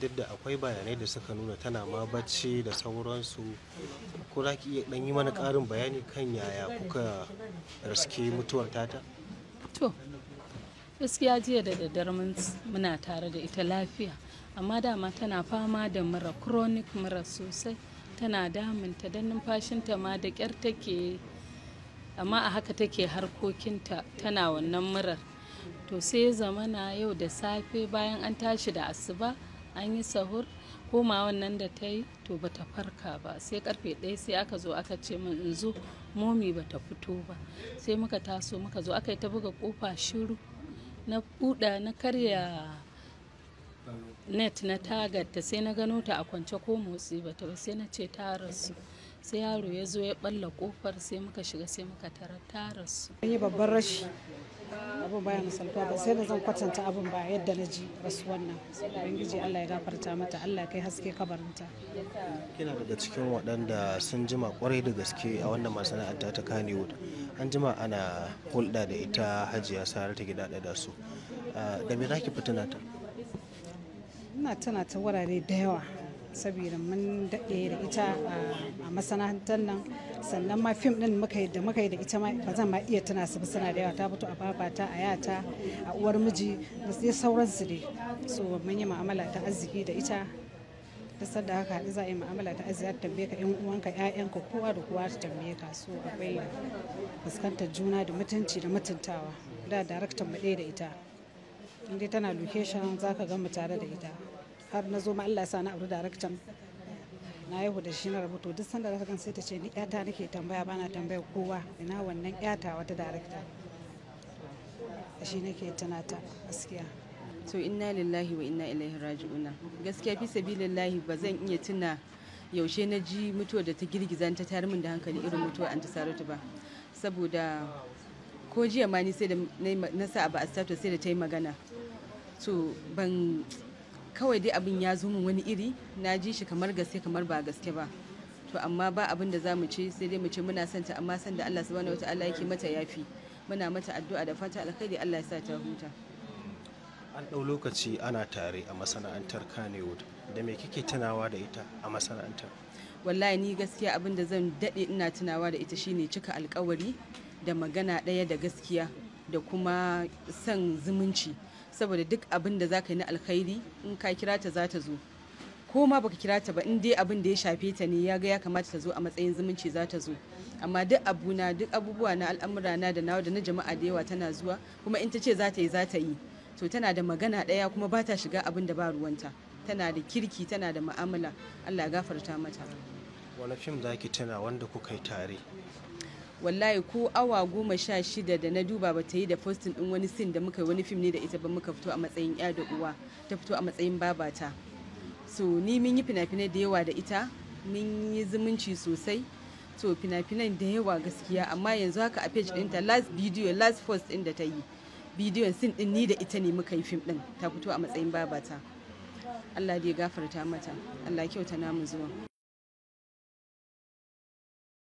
duk da akwai bayanai da suka nuna tana ma bacci da sauransu ko za ki iya dan yi mana karin bayani kan yaya kuka raske mutuwar tata to gaskiya jiya da daddar muna tare da ita lafiya amma dama tana fama da mura chronic mura sosai tana damunta don numfashinta ma da kyar take amma a haka take harkokinta tana wannan murar to sai zamana yau da safe bayan an tashi da asuba an yi sahur koma wannan da ta yi to bata farka ba sai karfe ɗaya sai aka zo aka ce min in zo momi bata fito ba sai muka taso muka zo aka yi ta buga kofa shiru na buɗa na karya net na tagarta sai na gano ta a kwance ko motsi bata ba sai na ce ta rasu sai yaro ya zo ya balla kofar sai muka shiga sai muka tara tara su an yi babban rashi abin baya misaltuwa ba sai da zan kwatanta abin ba yadda na ji wasu wannan ubangiji Allah ya gafarta mata Allah kai haske kabarinta kina daga cikin waɗanda sun jima kwarai da gaske a wannan masana'anta ta Kannywood an jima ana hulɗa da ita Hajiya Saratu gida da su ah, da me zaki fitina ta ina tana ta wurare da yawa saboda mun daɗe da ita a masana'antar nan sannan ma fim ɗin da muka yi da ita ma ba zan ma iya tana su ba suna da yawa ta fito a babata a yata a uwar miji da sai sauransu ne so mun yi mu'amala ta arziki da ita ta sadda haka haɗu za a yi mu'amala ta arziki ta tambaye ka 'yan uwanka 'ya'yanka kowa da kowa ta tambaye ka so akwai fuskantar juna da mutunci da mutuntawa da daraktan mu da ita in dai tana location za ka ga tare da ita har na zo ma Allah sa na abu daraktan na yi da shi na rubutu duk sanda da kan sai ta ce ni yata nake tambaya bana tambaya kowa ina wannan yata wata darakta shi nake tunata gaskiya to inna lillahi wa inna ilaihi raji'una gaskiya fi sabilillahi ba zan iya tuna yaushe na ji mutuwa da ta girgiza ta tayar min da hankali irin mutuwa an ta sarauta ba saboda ko jiya ma ni sai da na sa abu a status sai da ta yi magana to ban kawai dai abin ya zo min wani iri na ji shi kamar gaske kamar ba gaske ba to amma ba abin da mu ce sai dai mu ce muna santa amma san da Allah subhanahu wataala yake mata yafi muna mata addu'a da fata alkhairi Allah ya sa ta huta an ɗau lokaci ana tare a masana'antar kanewood da me kike tunawa da ita a masana'antar wallahi ni gaskiya abin da zan dade ina tunawa da ita shine cika alkawari da magana daya da gaskiya da kuma san zumunci saboda duk abin da zaka yi na alkhairi in ka kira ta za ta zo ko ma baka kira ta ba in dai abin da ya shafe ta ne ya ga ya kamata ta zo a matsayin zumunci za ta zo amma duk abuna duk abubuwa na al'amura na da nawa da na jama'a da yawa tana zuwa kuma in ta ce za ta yi za ta yi to tana da magana ɗaya kuma ba ta shiga abin da ba ruwanta tana da kirki tana da ma'amala Allah ya gafarta mata wani fim za ki tuna wanda kuka yi tare wallahi ko awa goma sha shida da na duba ba ta yi da postin din wani sin da muka yi wani fim ne da ita ba muka fito a matsayin ya da uwa ta fito a matsayin babata so ni mun yi fina-finai da yawa da ita mun yi zumunci sosai to fina finai da yawa gaskiya amma yanzu haka a page ɗinta last video last post ɗin da ta yi bidiyon sin ɗin ni da ita ne muka yi fim ɗin ta fito a matsayin babata Allah da ya gafarta mata Allah kyauta namu zuwa